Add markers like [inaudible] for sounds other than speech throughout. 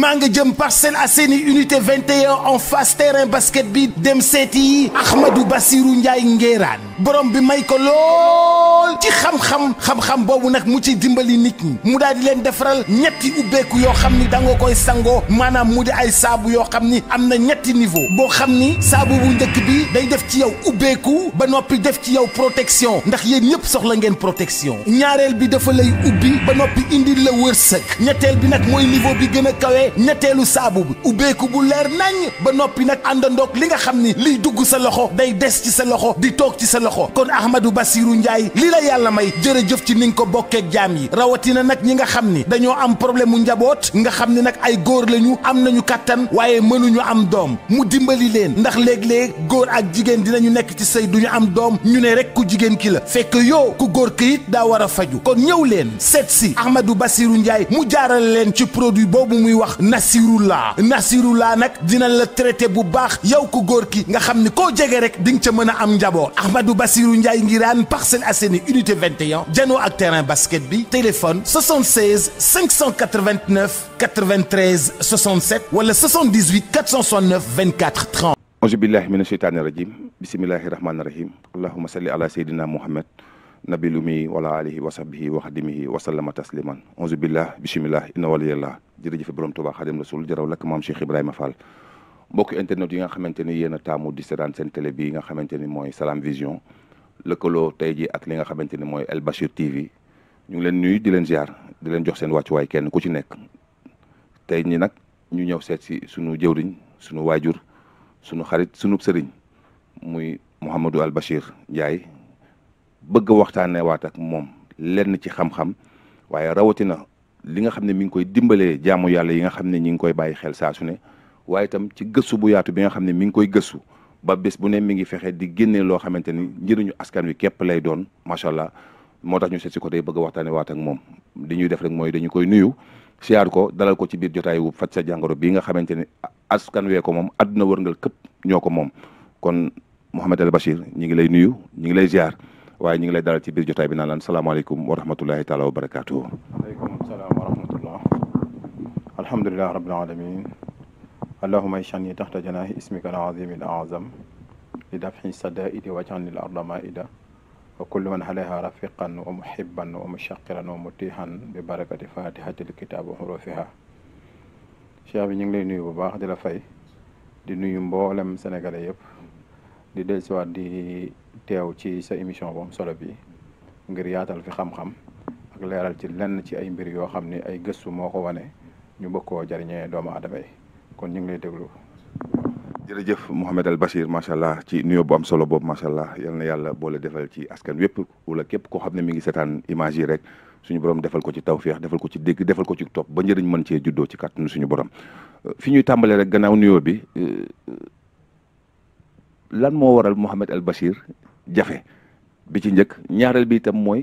maa nga jëm Parcelles Assainies unité 21 en face terrain basket bi dem seeti yi Ahmadou Bassirou Ndiaye Ngéraan borom bi may ko lool ci xam-xam xam-xam boobu nag mu ci dimbali nit ñi mu daal di leen defaral ñetti ubbeeku yoo xam ni da koy sangoo maanaam mu di ay saabu yoo xam ni am na ñetti niveau boo xam ni saabu bu njëkk bi day def ci yow ubbeeku ba noppi def ci yow protection ndax yéen ñëpp soxla ngeen protection ñaareel bi dafa lay ubbi ba noppi indil la bi nag waaye ñetteelu saabu bi ubbeeku bu leer nañ ba noppi nag àndandoog li nga xam ni liy dugg sa loxo day des ci sa loxo di toog ci sa loxo kon Ahmadou Bassirou Ndiaye li la yàlla may jërëjëf ci ni ko bokkeeg jaam yi rawatina nag ñi nga xam ni dañoo am problème mu njaboot nga xam ni nag ay góor lañu am nañu kàttan waaye mënuñu am doom mu dimbali leen ndax léeg góor ak jigéen dinañu nekk ci sëy duñu am doom ñu ne rek ku jigéen ki la fekk yow ku góor këyit daa war a faju kon ñëw leen seet si Ahmadou Bassirou Ndiaye mu jaarale leen ci produit boobu muy wax Nasirullah Nasirullah nag dina la traité bu baax yow ku góor ki nga xam ni koo jege rek di nga ca mën a am njaboot Ahmadou Bassirou Ndiaye Ngirane Parcelles Assainies unité 21 janoo ak terrain basket bi téléphone 76 589 93 67 wala 78 469 24 30. auzu billahi mina sheytaani rajim bismillahi rahmaani rahim allahuma salli ala seydina muhammad nabil umi wala alihi wa sahbihi wa xadimihi wa sallama tasliman auzu billah bismillah inna waliyallah jërëjëfe borom Tuubaa Xaadimu Rasuul jaraw lakk maam Cheikh Ibrahima Fall mbokk internet yi nga xamante ni yéen a taamu di seetaan seen télé bi nga xamante ni mooy Salam Vision lëkkaloo tey ji ak li nga xamante ni mooy El Bachir TV ñu ngi leen nuyu di leen ziar di leen jox seen wàccuwaay kenn ku ci nekk tey ñi nag ñu ñëw seet si sunu jëwriñ sunu waajur sunu xarit sunu sëriñ muy Mouhamadou Al Bachir Ndiaye bëgg waxtaanee waat ak moom lenn ci xam-xam waaye rawatina li nga xam ne mi ngi koy dimbalee jaamu yàlla yi nga xam ne ñi ngi koy bàyyi xel saa ne waaye itam ci gëstu bu yaatu bi nga xam ne mi ngi koy gëstu ba bés bu ne mi ngi fexe di génne loo xamante ni njëriñu askan wi képp lay doon macha allah moo tax ñu seet ko tey bëgg a waxtaane moom li ñuy def rek dañu koy nuyu siyaar ko dalal ko ci biir jotaay wu faj sa jàngoro bii nga xamante ne askan wee ko moom àdduna wërngal këpp ñoo ko moom kon Mouhamed El Bachir ñi ngi lay nuyu ñi ngi lay ziar waaye ñu ngi lay dalal ci biir jotaay bi naan laan salaamaaleykum wa rahmatullahi taala wa barakaatu. waaleykum salaam wa rahmatullah alhamdulilah rabbil alamin allahuma ichani taxta janaahi ismika alazim al azam li dafxi sadaidi wajanil arda maida wa kullu man alayha rafiqan wa muhibban wa mushaqiran wa mutihan bi barakati fatihatil kitab wa xurufiha cheikh bi ñu ngi lay nuyu bu baax di la fay di nuyu mboolem sénégalais yëpp di dellusiwaat di teew ci sa émission bu am solo bi ngir yaatal fi xam-xam ak leeral ci lenn ci ay mbir yoo xam ni ay gëstu moo ko wane ñu bëgg koo jariñee doomu adama yi kon ñu ngi lay déglu. jërëjëf Mouhamed El Bachir macha allah ci nuyoo bu am solo boobu macha allah yal na yàlla boole defal ci askan wépp wala képp koo xam ne mi ngi seetaan image yi rek suñu borom defal ko ci tawféex defal ko ci dégg defal ko ci topp ba njëriñ mën cee juddoo ci kàttanu suñu borom euh, fi ñuy tàmbalee rek gannaaw nuyoo bi euh, lan moo waral Mouhamed El jafe bi ci njëkk ñaareel bi itam mooy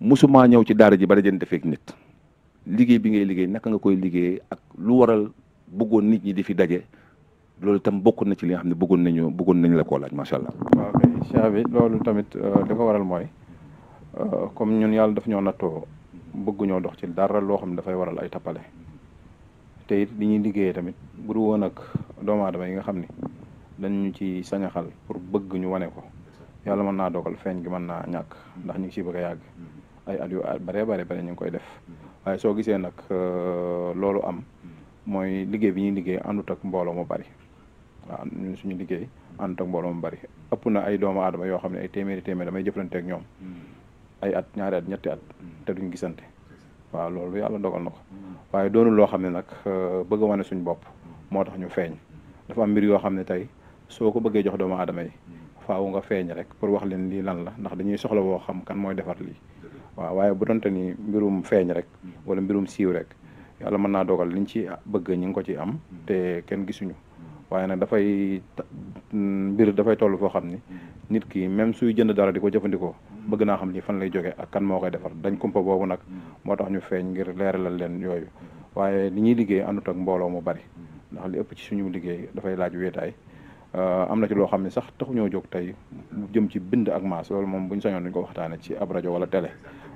mosumaa ñëw ci daara ji ba dajante fekk nit liggéey bi ngay liggéey naka nga koy liggéey ak lu waral bëggoon nit ñi di fi daje loolu itam bokk na ci li nga xam ne bëggoon nañu bëggoon nañu la koo laaj macha allah. waaw kay bi loolu tamit euh, li ko waral mooy euh, comme ñun yàlla daf ñoo nattoo bëgguñoo dox ci dara loo xam ne dafay waral ay tappale te it li ñuy liggéeyee tamit bu du woon doomu aadama yi nga xam ni dañ ñu ci sañaxal pour bëgg ñu wane ko. yàlla mën naa dogal feeñ gi mën naa ñàkk ndax ñu ngi ciy bëgg a ay at yu bare bare bare ñu ngi koy def waaye soo gisee nag euh, loolu am mooy liggéey bi ñuy liggéey àndut ak mbooloo mu bari waaw suñu liggéey àndut mbooloo mu bari ëpp na ay doomu aadama yoo xam ne ay téeméeri téeméer may jëflante ak ñoom ay at ñaari at ñetti at te duñ gisante waaw loolu yàlla dogal na ko waaye doonul loo xam ne nag euh, bëgg a wane suñu bopp moo tax ñu feeñ dafa am mbir yoo xam ne tey soo ko bëggee jox doomu aadama yi faaw nga feeñ rek pour wax leen lii lan la ndax dañuy soxla woo xam kan mooy defar li waaw waaye bu doonte ni mbirum feeñ rek wala mbirum siiw rek yàlla mën naa dogal liñ ci bëgg ñu ngi ko ci am te kenn gisuñu waaye nag dafay mbir dafay toll foo xam ni nit ki même suy jënd dara di ko jëfandikoo bëgg naa xam ni fan lay jóge ak kan moo koy defar dañ kumpa boobu nag moo tax ñu feeñ ngir leeralal leen yooyu waaye li ñuy liggéey àndut ak mbooloo mu bari ndax li ëpp ci suñu liggéey dafay laaj wéetaay Euh, am na ci loo xam ne sax taxuñoo jóg tey mu jëm ci bind ak maas loolu moom bu ñu sañoon duñ ko waxtaane ci abrajo wala tele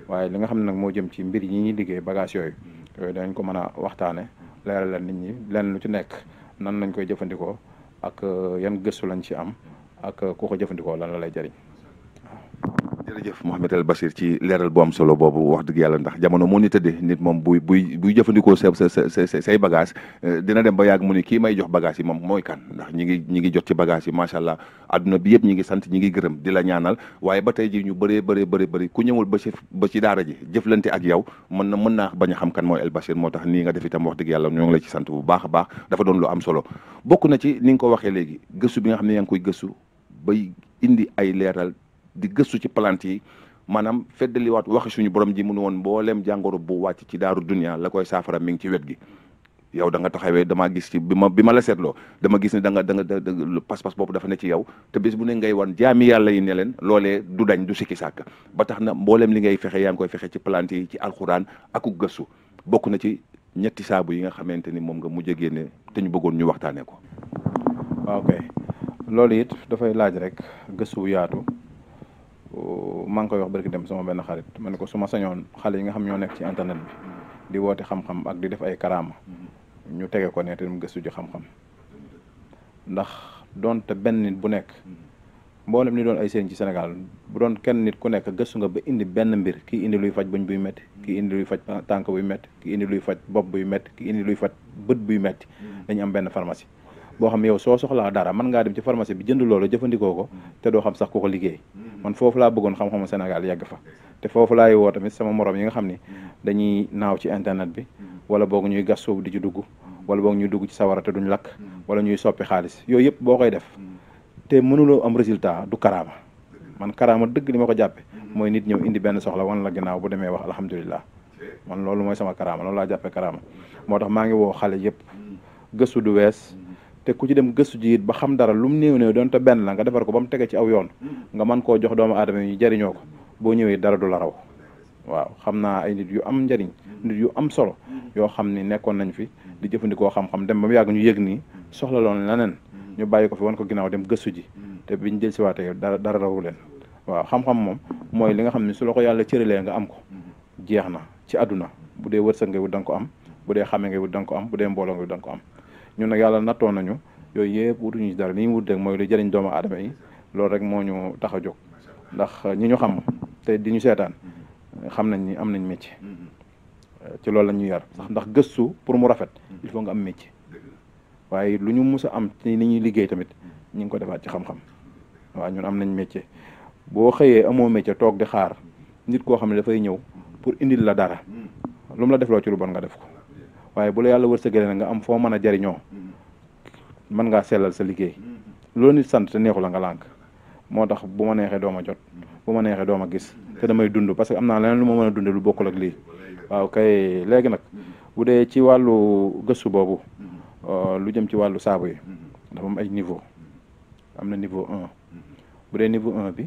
waaye li nga xam ne nag moo jëm ci mbir yi ñuy liggéey bagage yooyu yooyu danañ ko mën a waxtaane leeral leen nit ñi leen lu ci nekk nan lañ koy jëfandikoo ak euh, yan gëstu lañ ci am ak euh, ku ko jëfandikoo lan la lay jariñ jërëjëf Mouhamed El Bachir ci leeral bu am solo boobu wax dëgg yàlla ndax jamono moo ni moom buy buy buy jëfandikoo say bagage euh, dina dem ba yàgg mu kii may jox bagage yi moom mooy kan ndax ñi ngi ñi ngi jot ci bagage yi macha allah adduna bi yëpp ñi ngi sant ñi ngi gërëm di la ñaanal waaye ba tey ji ñu bëree bëree bëri bëri ku ñëwul ba ci ba ci daara ji jëflante ak yow mën na mën naa bañ a xam kan mooy El Bachir moo tax nii nga def itam wax dëgg yàlla ñoo ngi la ci a baax dafa doon lu am solo bokk na ci ni ko waxee léegi gëstu bi nga xam ne yaa ngi koy gëstu bay indi ay leeral di gëstu ci plante yi maanaam feddaliwaat waxi suñu borom ji mu ne woon mbooleem jàngoro bu wàcc ci daaru dunia la koy saafara mi ngi ci wet gi yow danga nga taxawee damaa gis ci bi ma bi ma la seetloo dama gis ne da nga da nga pas-pas boobu dafa ne ci yow te bis bu ne ngay wan jaami yàlla yi ne leen loolee du dañ du sikki sàkk ba tax na mbooleem li ngay fexe yaa ngi koy fexe ci palant yi ci alxuraan aku gëstu bokk na ci ñetti saabu yi nga xamante ni moom nga mujj génne te ñu bëggoon ñu waxtaanee ko. Ah, ok loolu it dafay laaj rek gëstu maa ngi koy wax barki dem sama benn xarit ma ne ko suma sañoon xale yi nga xam ñoo nekk ci internet bi di woote xam-xam ak di def ay karaama ñu tege ko ne te mu gëstu ndax doonte benn nit bu nekk mboolem ni doon ay seen Sénégal bu doon kenn nit ku nekk gëstu nga ba indi benn mbir kii indi luy faj buñ buy metti kii indi luy faj tànk buy metti kii indi luy faj bopp buy metti kii indi luy faj bët buy metti dañu am benn pharmacie boo xam yow soo soxlaa dara mën ngaa dem ci pharmacie bi jënd loolu jëfandikoo ko te doo xam sax ku ko liggéey mm-hmm. man foofu laa bëggoon xam-xamu Sénégal yàgg fa te foofu laay woo tamit sama moroom yi nga xam ni mm-hmm. dañuy naaw ci internet bi mm-hmm. wala boog ñuy gas suuf di ci dugg wala boog ñuy dugg ci sawara te duñ lakk wala ñuy soppi xaalis yooyu yëpp boo koy def te mënuloo am résultat du karaama man karaama dëgg li ma ko jàppe mooy nit ñëw indi benn soxla wan la ginnaaw bu demee wax alhamdulilah man loolu mooy sama karaama loolu laa jàppe karaama moo tax maa ngi woo xale yëpp gëstu du wees te ku ci dem gëstu ji it ba xam dara lu mu néew néew doon te benn la nga defar ko ba mu tege ci aw yoon nga man koo jox doomu aadama yi jëriñoo ko boo ñëwee dara du la raw waaw xam naa ay nit yu am njëriñ nit yu am solo yoo xam ni nekkoon nañ fi di jëfandikoo xam-xam dem ba mu yàgg ñu yëg nii soxla loon leneen ñu bàyyi ko fi wan ko ginnaaw dem gëstu ji te biñ jël siwaatee dara dara rawu leen waaw xam-xam moom mooy li nga xam ne su la ko yàlla cëralee nga am ko jeex na ci àdduna bu dee wërsëg ngay wut da nga ko am bu dee xame ngay wut da am bu dee mbooloo ngay wut am ñun nag yàlla nattoon nañu yooyu yëpp wutuñu ci dara li ñu wut rek mooy lu jëriñ doomu aadama yi loolu rek moo ñu tax a jóg ndax ñu ñu xam te di ñu seetaan xam nañ ni am nañ métier ci loolu la yar sax ndax gëstu pour mu rafet il faut nga am métier waaye lu ñu mus a am ci ni ñuy liggéey tamit ñu ngi ko defaat ci xam-xam waaw ñun am nañ métier boo xëyee amoo métier toog di xaar nit koo xam ne dafay ñëw pour indil la dara lu mu la defloo ci lu bon nga def ko waaye bu la yàlla wërsëgalee na nga am foo mën a jariñoo mën ngaa sellal sa liggéey loo nit sant te neexu la nga lànk moo tax bu ma neexee dooma jot bu ma neexee dooma gis te damay dund parce que am naa leneen lu ma mën a lu bokkul ak lii waaw kay léegi nag bu dee ci wàllu gëstu boobu euh, lu jëm ci wàllu saabu yi dafa ay niveau am na niveau un bu dee niveau un bi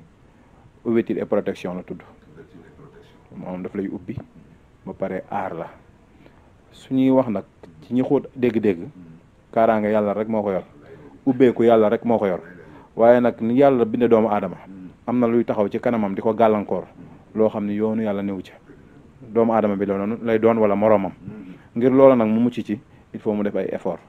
ouverture et protection la tudd moom daf lay ubbi ba pare aar la su ñuy wax nag ci ñi xóot dégg-dégg kaaraange yàlla rek moo ko yor ubbeeku yàlla rek moo ko yor waaye nag ni yàlla binde doomu aadama am na luy taxaw ci kanamam di ko gàllankoor loo xam ne yoonu yàlla newu ci doomu aadama bi la noonu lay doon wala moroomam ngir loola nag mu mucc ci il faut mu def ay effort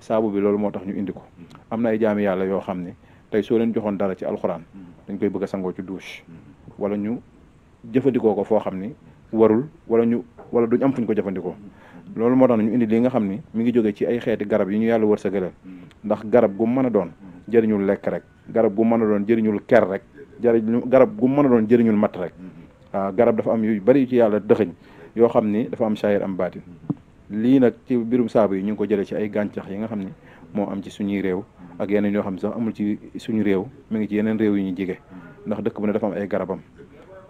saabu bi loolu moo tax ñu indi ko am na ay jaami yàlla yoo xam ne tey soo leen joxoon dara ci alxuraan dañ koy bëgg a sangoo ci douche wala ñu jëfandikoo ko foo xam ni warul wala ñu wala duñ am fuñ ko jëfandikoo loolu moo tax ñu indi li nga xam ni mi ngi jóge ci ay xeeti garab yi ñu yàlla wërsëgalal mm. ndax garab gu mën a doon mm. jëriñul lekk rek garab gu mën a doon jëriñul ker rek jëriñu garab gu mën a doon jëriñul mat rek mm-hmm. waaw garab dafa am yu bari yu ci yàlla dëxëñ yoo xam ni dafa am saayir am mm-hmm. lii nag ci birum saabu yi ñu ngi ko jëlee ci ay gàncax yi nga xam ni moo am ci suñuy réew mm-hmm. ak yeneen yoo xam ne sax amul ci suñu réew mi ngi ci yeneen réew yu ñu jige ndax dëkk bu ne dafa am ay garabam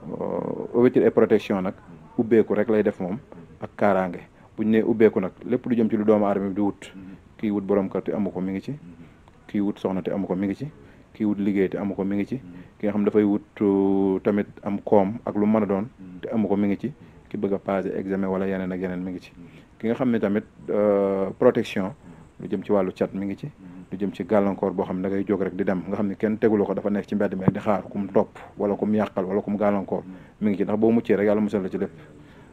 euh, ouverture protection nag ubbeeku rek lay def moom ak kaaraange bu ñu nee ubbeeku nag lépp lu jëm ci lu doomu aadama bi di wut kii wut borom kër te amu ko mi ngi ci kii wut soxna te amu ko mi ngi ci kii liggéey te amu ko mi ngi ci ki nga xam dafay wut uh, tamit am koom ak lu mën a doon amu ko mi ngi ci ki bëgg a passé examen wala yeneen ak yeneen mi ngi ci ki nga xam ne tamit uh, protection lu jëm ci wàllu cat mi ngi ci lu jëm ci gàllankoor boo xam ne da jóg rek di dem nga xam ne kenn teguloo ko dafa nekk ci mbedd mi rek di xaar ku mu topp wala ku mu yàqal wala ku mu gàllankoor mi ngi ci ndax boo muccee rek yàlla musal la ci lépp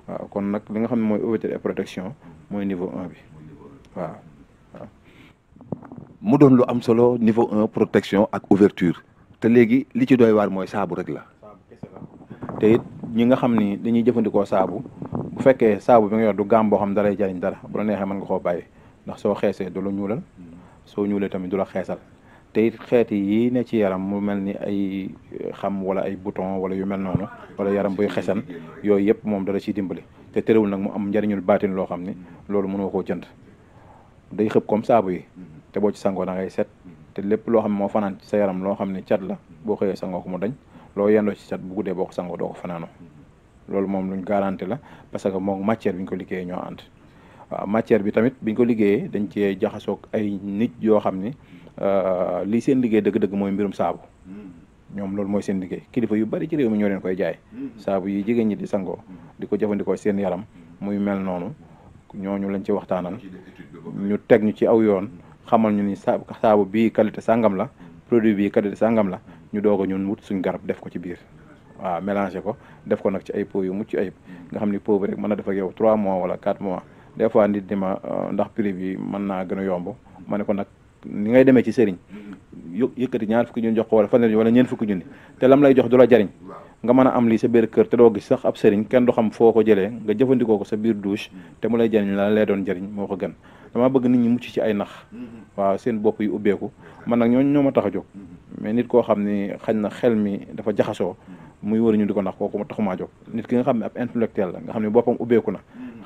waaw kon nag li nga xam ne mooy ouverture et protection mooy niveau un bi waaw mu doon lu am solo niveau un protection ak ouverture te léegi li ci doy war mooy saabu rek la. te it ñi nga xam ni dañuy jëfandikoo saabu bu fekkee saabu bi nga yor du gàmm boo xam ne dalay jariñ dara bu la neexee mën nga koo bàyyi ndax soo xeesee du la ñuulal hmm. soo ñuulee tamit du la xeesal. te it xeeti yi ne ci yaram mu mel ni ay eh, xam wala ay bouton wala yu mel noonu wala yaram buy xesan yooyu yëpp moom dala ciy dimbali te terewul nag mu am njëriñul baatin loo xam ni loolu mënoo koo jënd day xëpp comme saabu yi te boo ci sangoo da ngay set te lépp loo xam ne moo fanaan ci sa loo xam ne cat la boo xëyee sangoo ko mu dañ loo yendoo ci cat bu guddee boo ko sangoo doo ko fanaanoo loolu moom luñ garanti la parce que moom matière bi ñu ko liggéeyee ñoo ànd waaw matière bi tamit biñ ko liggéeyee dañ cee jaxasoog ay nit yoo xam ni Euh, li seen liggéey dëgg-dëgg mooy mbirum saabu ñoom loolu mooy seen liggéey kilifa yu bari ci réew mi ñoo leen koy jaay saabu yi jigéen ñi di sangoo di ko jëfandikoo seen yaram muy mel noonu ñooñu lañ ci waxtaanal ñu teg ñu ci aw yoon xamal ñu ni saabu saabu bii qualité sàngam la produit bii qualité sàngam la ñu doog ñun wut suñ garab def ko ci biir waaw mélangé ko def ko nag ci ay pot yu mucc ayib nga xam ni pot bi rek mën na def yow trois mois wala 4 mois des fois nit di ma euh, ndax prix bi mën naa gën a yomb ma ne ko nag ni ngay demee ci sëriñ yë yëkkati ñaar fukki junni jox ko wala fanweer wala ñeent fukki junni te lam lay jox du jariñ nga mën a am lii sa biir kër te doo gis sax ab sëriñ kenn du xam foo ko jëlee nga jëfandikoo ko sa biir douche te mu lay jariñ la lay doon jariñ moo ko gën dama bëgg nit ñi mucc ci ay nax waaw seen bopp yi ubbeeku man nag ñooñu ñoo ma tax a jog mais nit koo xam ni xañ na xel mi dafa jaxasoo muy wër ñu di ko nax kooku ma taxumaa jóg nit ki nga xam ne ab intellectuel la nga xam ne boppam ubbeeku na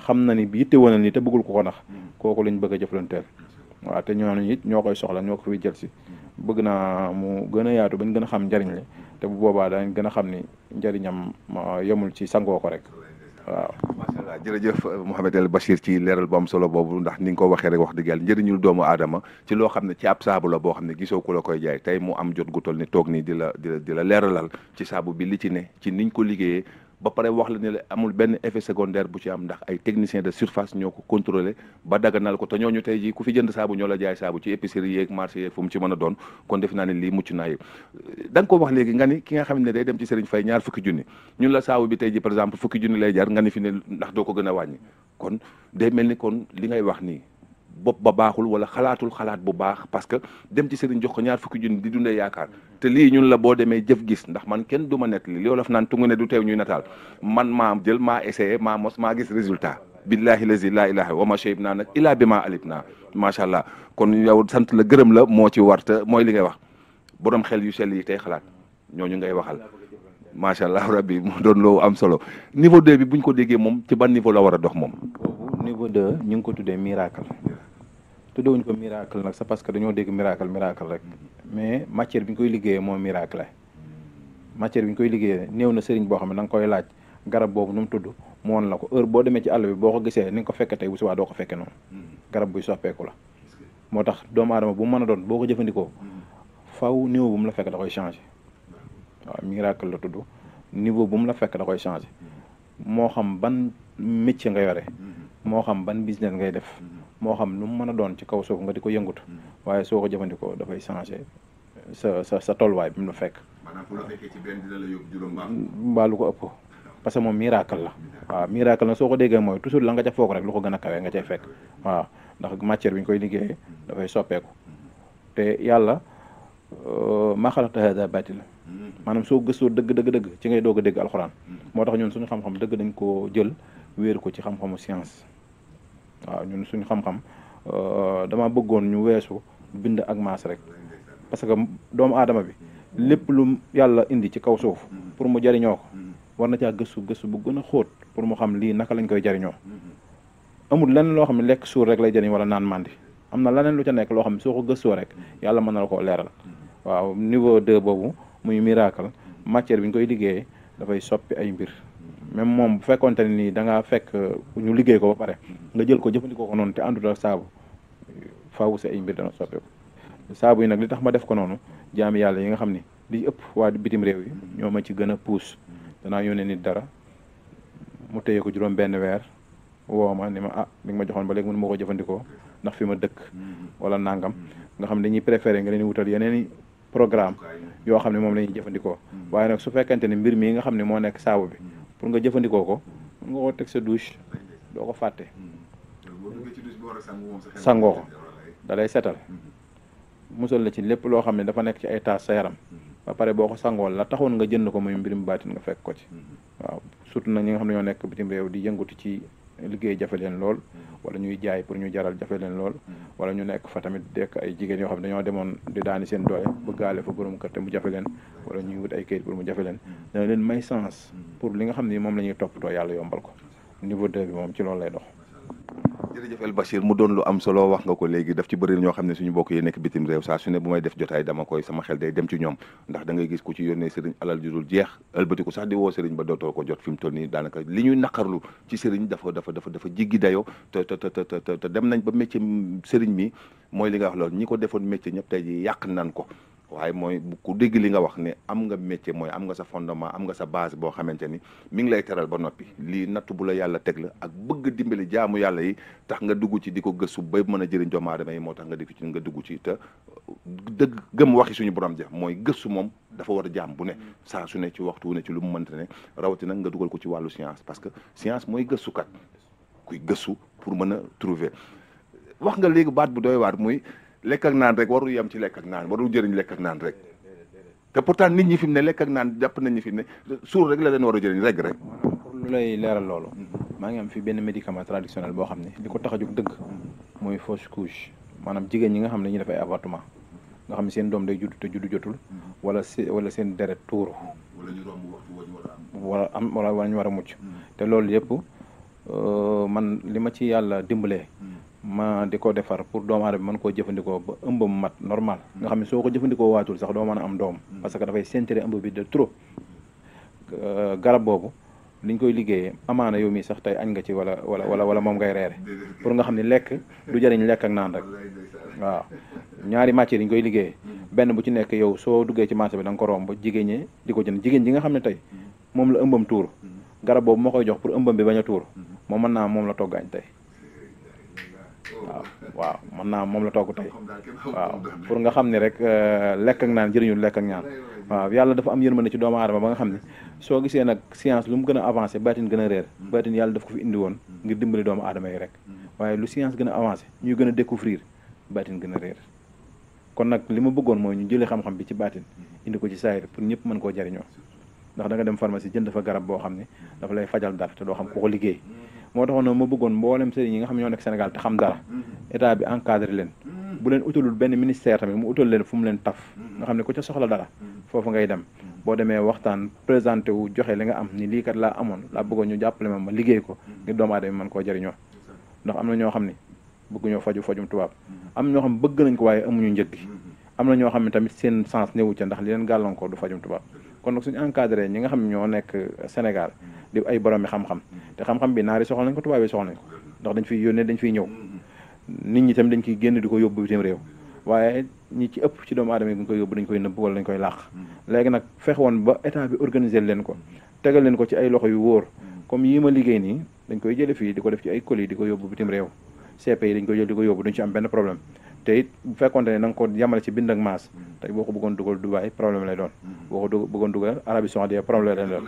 xam na ni bi yitte na ni te bëggul ko ko kooku lañ bëgg a jëflanteel waaw te ñooñu it ñoo koy soxla ñoo ko fiy jël si bëgg na mu gën a yaatu bañ gën a xam njariñ te bu boobaa danañ gën a xam ni njariñam yemul ci sangoo ko rek waaw macha allah jërëjëf euh, Mouhamed El Bachir ci leeral bu am solo boobu ndax ni nga ko waxee rek wax dëgg yàlla doomu aadama ci loo xam ne ci ab saabu la boo xam ne gisoo ku la koy jaay tey mu am jot gu toll ni toog nii di la di la di la leeralal ci saabu bi li ci ne ci niñ ko liggéeyee ba pare wax la ne la amul benn effet secondaire bu ci am ndax ay technicien de surface ñoo ko contrôlé ba daganal ko te ñooñu tey jii ku fi jënd saabu ñoo la jaay saabu ci épicerie yeeg marché yeeg fu mu ci mën a doon kon defe naa ne lii mucc naa yëpp da ko wax léegi nga ni ki nga xam ne day dem ci Serigne fay ñaar fukki junni ñun la saabu bi tey ji par exemple fukki junni lay jar nga ni fi ne ndax doo ko gën a wàññi kon day mel ni kon li ngay wax nii bopp ba baaxul wala xalaatul xalaat bu baax parce que dem ci sëriñ jox ko ñaar fukki junni di dundee yaakaar te lii ñun la boo demee jëf gis ndax man kenn du ma nett li li wolof naan tungu ne du teew ñuy nataal man maa jël ma essayé maa mos maa gis résultat billahi lazi laa ilaha wa ma shayib naa nag bi maa alib naa macha allah kon yow sant la gërëm la moo ci warta mooy li ngay wax boroom xel yu sell yi tey xalaat ñooñu ngay waxal macha allah rabbi mu doon loo am solo niveau 2 bi buñ ko déggee moom ci ban niveau war a dox moom niveau 2 ñu ngi ko tuddee miracle tuddewuñ ko miracle nag c'est parce que dañoo dégg miracle miracle rek mm-hmm. mais matière bi ñu koy liggéeyee moo miracle mm-hmm. matière bi ñu koy liggéeyee new na sëriñ boo xam ne da nga koy laaj garab boobu nu mu tudd mu woon la ko heure boo demee ci àll bi boo ko gisee ni nga ko fekkee tey bu subaa doo ko fekkee noonu mm-hmm. garab buy soppeeku la moo tax doomu aadama bu mën a doon boo ko jëfandikoo faw niveau bu mu la fekk da koy changé waaw miracle la tudd niveau bu mu la fekk da koy changé moo xam ban métier nga yore moo xam ban business ngay def moo xam nu mu mën a doon ci kaw suuf nga di ko yëngatu mm. waaye soo ko jëfandikoo dafay changé sa sa sa tolluwaay bi mu la fekk. maanaam bu la ko ëpp parce que moom miracle la. waaw miracle la soo ko déggee mooy toujours la nga ca foog rek ko gën a kawee nga cay fekk waaw ndax matière bi ñu koy liggéeyee dafay soppeeku yàlla euh, maa xalaqta haadaa baatila mm. maanaam soo gëstoo dëgg dëgg ci ngay doog a dégg alxuraan mm. moo tax ñun suñu xam-xam dëgg dañ koo jël wéeru ko ci xam-xamu science. waaw ñun suñu xam-xam euh, dama bëggoon ñu weesu bind ak maas rek parce que doomu aadama bi lépp lu yàlla indi ci kaw suuf pour mu jariñoo ko war na caa gësu gësu bu gën a xóot pour mu xam lii naka lañ koy jariñoo amul lenn loo xam ne lekk suur rek lay jëriñ wala naan mandi am na leneen lu ca nekk loo xam ne soo ko gëstoo rek yàlla mën na la koo leeral waaw niveau de boobu muy miracle matière bi ñu koy liggéeyee dafay soppi ay mbir même moom bu fekkonte nii da ngaa fekk euh, ñu liggéey ko ba pare nga jël ko jëfandikoo ko noonu te àndut ak saabu faaw si ay mbir dana soppeeku saabu yi nag li tax ma def ko noonu jaami yàlla yi nga xam ni li ëpp waa bitim réew yi ñoo ma ci gën a puus danaa yónnee nit dara mu téye ko juróom benn weer woo ma ni ma ah li nga ma joxoon ba léegi mënu ma ko jëfandikoo ndax fi ma dëkk wala nangam nga xam ne dañuy préféré nga leen wutal yeneen programme yoo xam ne moom la jëfandikoo mm-hmm. waaye nag su fekkente ne mbir mii nga xam ne moo nekk saabu bi pour nga jëfandikoo ko mun nga koo teg sa douche doo ko fàtte. sangoo ko da lay setal. musal la ci lépp loo xam ne dafa nekk ci ay taas sa yaram. ba pare boo ko sangoo la taxoon nga jënd ko muy mbirum baatin nga fekk ko ci. waaw surtout na ñi nga xam ne ñoo nekk bitim réew di yëngatu ci. liggéey jafe leen lool mm-hmm. wala ñuy jaay pour ñu jaral jafe leen lool mm-hmm. wala ñu nekk fa tamit dekk ay jigéen yoo xam ne dañoo demoon di daani seen doole bëggaale fa borom kër te mu jafe leen mm-hmm. wala ñuy wut ay kayit pour mu jafe leen leen may sens pour li nga xam ni moom la ñuy toppatoo yàlla yombal ko niveau de bi moom ci loolu lay dox jërëjëf El Bachir mu doon lu am solo wax nga ko léegi daf ci bëri ñoo xam ne suñu bokk yi nekk bitim réew saa su ne bu may def jotaay dama koy sama xel day dem ci ñoom ndax da ngay gis ku ci yónnee sëriñ alal ju dul jeex ëlbatiku sax di woo sëriñ ba dootoo ko jot fi mu nii daanaka li ñuy naqarlu ci sëriñ dafa dafa dafa dafa jiggi dayoo te te te dem nañ ba métier sëriñ mi mooy li nga wax loolu ñi ko defoon métier ñëpp tey ji yàq nan ko waaye mooy ku dégg li nga wax ne am nga métier mooy am nga sa fondement am nga sa base boo xamante ni mi ngi lay teral ba noppi lii natt bu la yàlla teg la ak bëgg dimbali jaamu yàlla yi tax nga dugg ci di ko gëstu ba mën a jëriñ doomu yi moo tax nga dikk ci nga dugg ci te dëgg gëm waxi suñu borom ja mooy gëstu moom dafa war a jaam bu ne saa su ne ci waxtu wu ne ci lu mu mënte ne rawatina nga dugal ko ci wàllu science parce que science mooy kat kuy gëstu pour mën a trouver wax nga léegi baat bu doy waar muy lekk ak naan rek warul yem ci lekk ak naan warul jëriñ lekk naan rek te pourtant nit ñi fi mu ne lekk naan jàpp nañ ñi fi ne suur rek la leen war a jëriñ rek rek. pour lu lay leeral loolu. maa ngi am fi benn médicament traditionnel boo xam ne li ko tax a jóg mooy fausse couche maanaam jigéen ñi nga xam ne ñu dafay avortement nga xam seen doom day judd te judd jotul. wala wala seen deret tuuru. wala ñu romb am wala ñu war a mucc. te loolu yëpp euh, man li ma ci yàlla dimbalee. Hmm. ma di ko defar pour doomu aadama mën koo jëfandikoo ba ëmb mu mat normal nga xam ne soo ko jëfandikoo waatul sax doo mën a am doom mm. parce que dafay centré ëmb bi de trop euh, garab boobu liñ koy liggéeyee amaana yow mii sax tey añ nga ci wala wala wala wala moom ngay pour nga xam ne lekk du jëriñ lekk ak naan rek waaw ñaari matières yi ñu koy liggéeyee mm. benn bu ci nekk yow soo duggee ci marché bi da nga ko romb jigéen ñi di ko jënd jigéen ji nga xam ne tey mm. moom la ëmbam tuur garab boobu moo koy jox pour ëmbam bi bañ a moom mën naa moom la togg añ tey waaw waaw mën naa moom la togg tey waaw pour nga xam ne rek euh, lekk ak naan jëriñul lekk ak ñaan waaw yàlla dafa am yërmande ci doomu aadama ba nga xam ne soo gisee nag science lu mu gën a avancé baatin gën a réer hmm. baatin yàlla daf ko fi indi woon ngir dimbali doomu aadama yi rek hmm. waaye lu science gën a avancé ñuy gën a découvrir baatin gën a réer kon nag li ma bëggoon mooy ñu jëlee xam-xam bi ci baatin hmm. indi ko ci saayir pour ñëpp mën koo jariñoo ndax da nga dem pharmacie jënd fa garab boo xam ne dafa lay fajal dara te xam ku liggéey moo taxoon nag ma bëggoon mboolem sëriñ yi nga xam ne ñoo nekk Sénégal te xam dara mm-hmm. état bi encadré leen mm-hmm. bu leen utalul benn ministère tamit mu utal leen fu mu leen taf mm-hmm. nga xam ne ku ca soxla dara foofu ngay dem boo demee waxtaan présenté wu joxe li nga am ni lii kat laa amoon laa bëggoon ñu jàppale ma ma liggéey ko ngir doomu aadama mën koo jëriñoo ndax am na ñoo xam ne bëgguñoo faju fajum tubaab am ñoo xam bëgg nañ ko waaye amuñu njëg am na ñoo xam ne tamit seen sens néewu ca ndax li leen gàllankoor du fajum tubaab kon nag suñu encadré ñi nga xam ñoo nekk Sénégal di ay borom mi xam-xam te xam-xam bi naari soxla nañ ko tubaab yi soxla nañ ko ndax dañ fiy yónnee dañ fiy ñëw nit ñi tam dañ koy génn di ko yóbbu bitim réew waaye ñi ci ëpp ci doomu aadama yi dañ koy yóbbu dañ koy nëbb wala dañ koy làq léegi nag fex woon ba état bi organiser leen ko tegal leen ko ci ay loxo yu wóor comme yii ma liggéey nii dañ koy jële fii di ko def ci ay colis di yóbbu bitim réew CP yi dañ koy jël di ko yóbbu duñ ci am benn problème te it bu fekkonte ne na nga ko yamale ci bind ak tey boo ko bëggoon dugal Dubaï problème lay doon boo ko bëggoon dugal Arabie Saoudite problème lay doon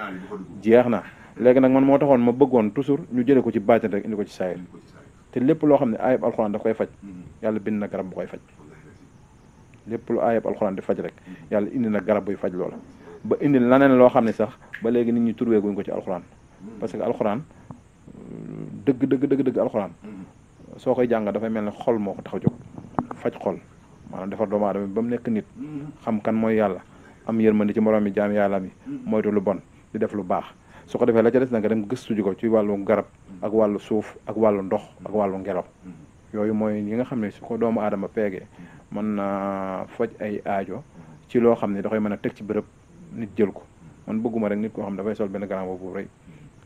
jeex na léegi nag man moo taxoon ma bëggoon toujours ñu jëlee ko ci baatin rek indi ko ci saayir te lépp loo xam ne ayib alxuraan daf koy faj yàlla bind na garab bu koy faj lépp lu ayib alxuraan di faj rek yàlla indi na garab buy faj loola ba indi laneen loo xam ne sax ba léegi nit ñi guñ ko ci alxuraan parce que alxuraan dëgg dëgg dëgg dëgg alxuraan soo koy jàng dafay mel ne xol moo ko tax a faj xol maanaam defar doomu aadama ba mu nekk nit xam kan mooy yàlla am yërmande ci moroom mi jaam yàlla mi moytu lu bon di def lu baax su ko defee la ca des na nga dem gëstu ji ko ci wàllu garab mm-hmm. ak wàllu suuf ak wàllu ndox mm-hmm. ak wàllu ngelaw mm-hmm. yooyu mooy yi nga xam ne su ko doomu aadama peegee man na faj ay aajo ci loo xam ne da koy mën a teg ci bërëb nit jël ko man bëgguma rek nit koo xam ne dafay sol benn grand boobu rëy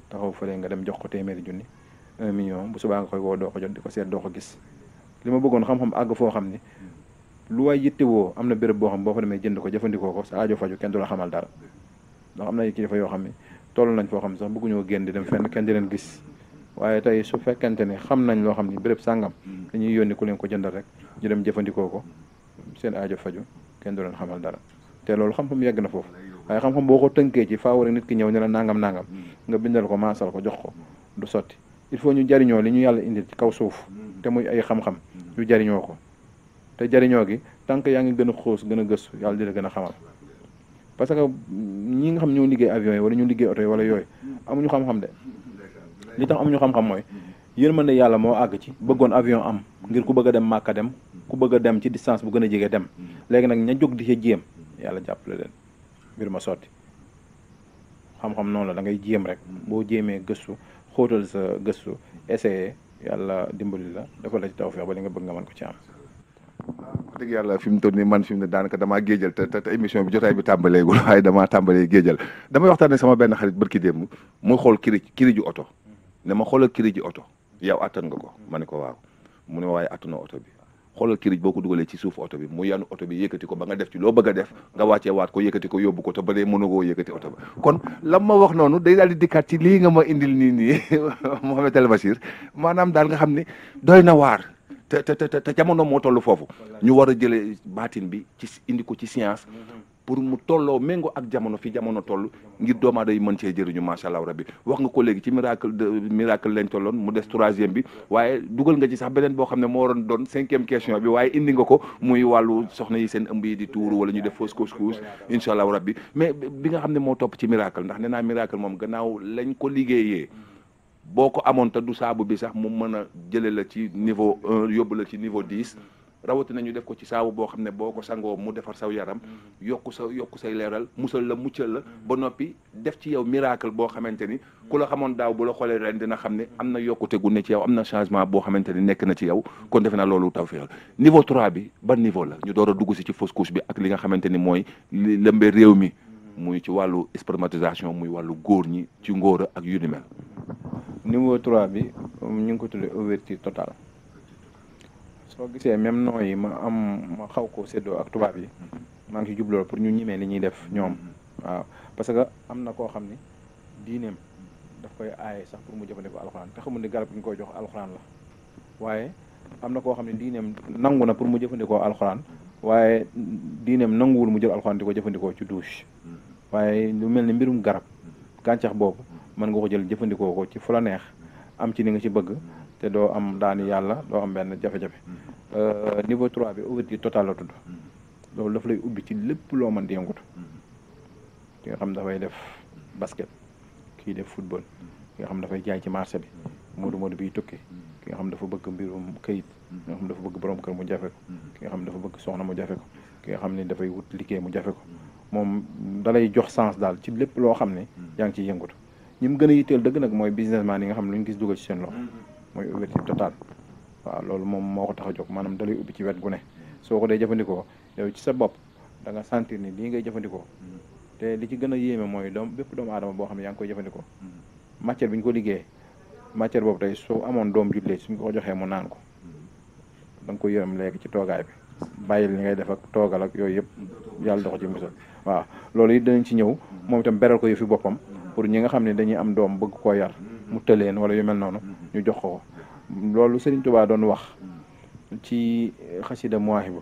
taxaw fële nga dem jox ko téeméeri junni un million bu subaa nga koy woo doo ko jot di ko seet doo ko gis li ma bëggoon xam-xam àgg foo xam ni lu waay yittewoo am na béréb boo xam boo demee jënd ko jëfandikoo ko sa aajo faju kenn du xamal dara ndax am na kilifa yoo xam ne toll nañ foo xam ne sax bëgguñoo génn di dem fenn kenn di leen gis waaye tey su fekkente ne xam nañ loo xam ne béréb sàngam ñuy yónni ku leen ko jëndal rek ñu dem jëfandikoo ko seen ajo faju kenn du leen xamal dara te loolu xam-xam yegg na foofu waaye xam-xam boo ko tënkee ci faaw rek nit ki ñëw ne la nangam nangam nga bindal ko maasal ko jox ko du sotti il faut ñu jariñoo li ñu yàlla indil ci kaw suuf te muy ay xam-xam ñu jariñoo ko te jariñoo gi tant yaa ngi gën a xoos gën a gëstu yàlla di la gën a xamal parce que ñi nga xam ñoo liggéey avion yi wala ñu liggéey oto yi wala yooyu amuñu xam-xam de li tax amuñu xam-xam mooy yërmande yàlla moo àgg ci bëggoon avion am ngir ku bëgg a dem màkka dem ku bëgg a dem ci distance bu gën a jege dem léegi nag ña jóg di ca jéem yàlla jàppale leen mbir ma sotti xam-xam noonu la da ngay jéem rek boo jéemee gëstu xóotal sa gëstu essayé yàlla dimbali la dafa la ci tawfeex ba li nga bëgg nga mën ko ci am wax dëgg yàlla fi mu toll nii man fi mu ne daanaka damaa géejal te te émission bi jotaay bi tàmbaleegul [laughs] waaye damaa tàmbalee géejal damay waxtaanee sama benn xarit bërki démb muy xool kiri kiri ji oto ne ma xoolal kiri ji oto yow attan nga ko ma ne ko waaw mu ne waaye attuna oto bi xoolal kirij boo ko dugalee ci suuf oto bi mu yanu oto bi yëkkati ko ba nga def ci loo bëgg a def nga wàccee waat ko yëkkati ko yóbbu ko te ba dee mënugoo yëkkati oto ba kon lam ma wax noonu day daal di dikkaat ci lii nga ma indil nii nii [laughs] Mohamed El Bachir maanaam daal nga xam ne doy na waar te te te jamono moo toll foofu ñu war a jëlee baatin bi ci indi ko ci science pour mu tolloo méngoo ak jamono fi jamono toll ngir doomu aadama yi mën cee jëriñu macha allah rabbi wax nga ko léegi ci miracle de miracle lañ tolloon mu des troisième bi waaye dugal nga ci sax beneen boo xam ne moo waroon doon cinquième question bi waaye indi nga ko muy wàllu soxna yi seen ëmb yi di tuuru wala ñu def fausse couche couche incha allah rabbi mais bi nga xam ne moo topp ci miracle ndax nee naa miracle moom gannaaw lañ ko liggéeyee. boo ko amoon te du saabu bi sax mu mën a jële la ci niveau un yóbbu la ci niveau dis rawati nañu def ko ci saabu boo xam ne boo ko sangoo mu defar saw yaram yokku sa yokku say leeral musal la muccal la ba noppi def ci yow miracle boo xamante ni ku la xamoon daaw bu la xoolee ren dina xam ne am na yokkute gu ne ci yow am na changement boo xamante ni nekk na ci yow kon defe naa loolu taw féexal niveau trois bi ba niveau la ñu door a dugg si ci fausse couche bi ak li nga xamante ni mooy li réew mi muy ci wàllu spermatisation muy wàllu góor ñi ci ngóor ak yu niveau 3 bi ñu ngi ko tuddee ouverture totale soo gisee même noo yi ma am ma xaw ko séddoo ak tubaab yi maa ngi ci jublool pour ñu ñimee ni ñuy def ñoom waaw parce que am na koo xam ni diineem daf koy aaye sax pour mu jëfandikoo alxuraan te xamul ne garab gi ñu koy jox alxuraan waaye am na koo xam ne diineem nangu na pour mu jëfandikoo alxuraan waaye diineem nanguwul mu jël alxuraan ko jëfandikoo ci douche waaye lu mel ni mbirum garab gàncax boobu mën nga ko jël jëfandikoo ko ci fu la neex am ci ni nga ci bëgg te doo am daani yàlla doo am benn jafe-jafe euh, niveau 3 bi ouverture totale la tudd loolu daf lay ubbi ci lépp loo man di yëngutu ki nga xam dafay def basket kii def football ki nga xam dafay jaay ci marché bi moodu moodu biy tukki ki nga xam dafa bëgg mbirum këyit ki nga xam dafa bëgg borom kër mu jafe ko ki nga xam dafa bëgg soxna mu jafe ko ki nga xam ni dafay wut liggéey mu jafe ko moom dalay jox sens daal ci lépp loo xam ne yaa ngi ciy yëngutu ñi mu gën a yitteel dëgg nag mooy businessman yi nga xam ne lu ñu gis dugal ci seen loxo mm-hmm. mooy ouverture totale waaw loolu moom moo ko tax a jóg maanaam dalay ubbi ci wet gu ne soo ko dee jëfandikoo yow ci sa bopp da nga sentir ni lii ngay jëfandikoo mm-hmm. te li ci gën a yéeme mooy doom bépp doomu aadama boo xam ne yaa ngi koy jëfandikoo mm-hmm. matière bi ko liggéeyee matière boobu tey soo amoon doom jullee suñ ko joxee mu naan ko da nga ko yërëm léegi ci toogaay bi bàyyil li ngay def ak toogal ak yooyu yëpp yàlla dox ci musal waaw loolu it dinañ ci ñëw moom itam beral ko yu boppam pour ñi nga xam ne dañuy am doom bëgg koo yar mu tëleen wala yu mel noonu ñu jox ko loolu Serigne tubaa doon wax ci xasida Mawaahibu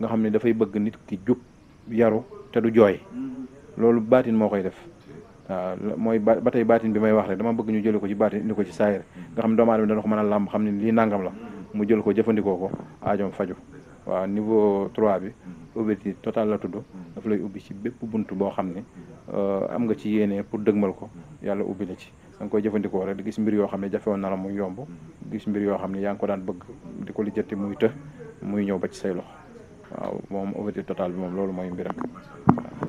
nga xam ne dafay bëgg nit ki jub yaru te du jooy loolu baatin moo koy def waaw mooy ba tey baatin bi may wax rek dama bëgg ñu jële ko ci baatin indi ko ci saayir nga xam ne doomu aadama dana ko mën a làmb xam ne lii nangam la mu jël ko jëfandikoo ko ajoom faju waaw niveau trois bi mm-hmm. ouverture totale la tudd mm-hmm. dafa lay ubbi ci bépp bunt boo xam ne euh, am nga ci yéene pour dëgmal ko mm-hmm. yàlla ubbi la ci da nga koy jëfandikoo rek di gis mbir yoo xam ne jafewoon na la muy yomb gis mbir yoo xam ne yaa ngi ko daan bëgg di ko lijjanti muy të muy ñëw ba ci say loxo waaw moom ouverture totale bi moom loolu mooy mbiram.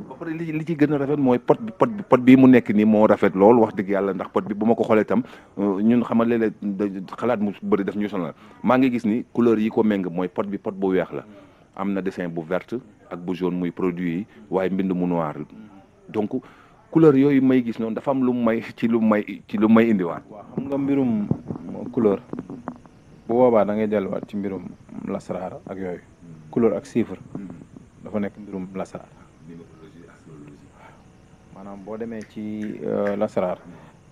ba pare li li ci gën a rafet mooy pot bi pot bi pot bii mu nekk nii moo rafet lool wax dëgg yàlla ndax pot bi bu ma ko xoolee itam euh, ñun xamal léeg xalaat mu bëri daf ñu sonal maa ngi gis ni couleur yi ko meng mooy pot bi pot bu weex la am na dessin bu verte ak bu jaune muy produit yi waaye mbind mu noir donc couleur yooyu may gis noonu dafa am lu may ci lu may ci lu may indiwaat. waaw xam nga mbirum couleur bu boobaa da ngay delluwaat ci mbirum lasraar ak yooyu. couleur ak chiffre dafa nekk mbirum lasaraar maanaam boo demee ci euh, lasaraar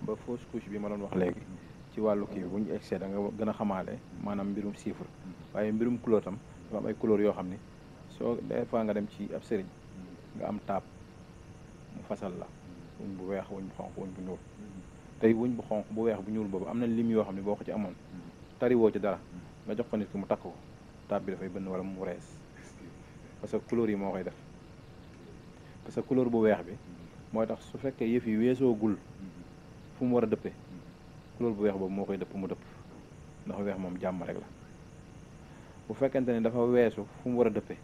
ba fausse couche bi ma doon wax léegi ci wàllu kii bi bu ñu egsee gën a xamaale maanaam mbirum chiffre waaye mbirum couleur tam dafa am ay couleur yoo xam ni soo des fois nga dem ci ab sëriñ nga am taab mu fasal la wuñ bu weex wuñ bu xonq wuñ bu ñuul tey wuñ bu xonq bu weex bu ñuul boobu am na lim yoo xam ne boo ko ci amoon tariwoo ci dara nga jox ko nit ki mu takk ko tab bi dafay bënn wala mu rees parce que couleur yi moo koy def parce que couleur bu weex bi mooy tax su fekkee yëf yi weesoogul fu mu war a dëppee couleur bu weex boobu moo koy dëpp mu dëpp ndax weex moom jàmm rek bu fekkente ne dafa weesu fu mu war a dëppee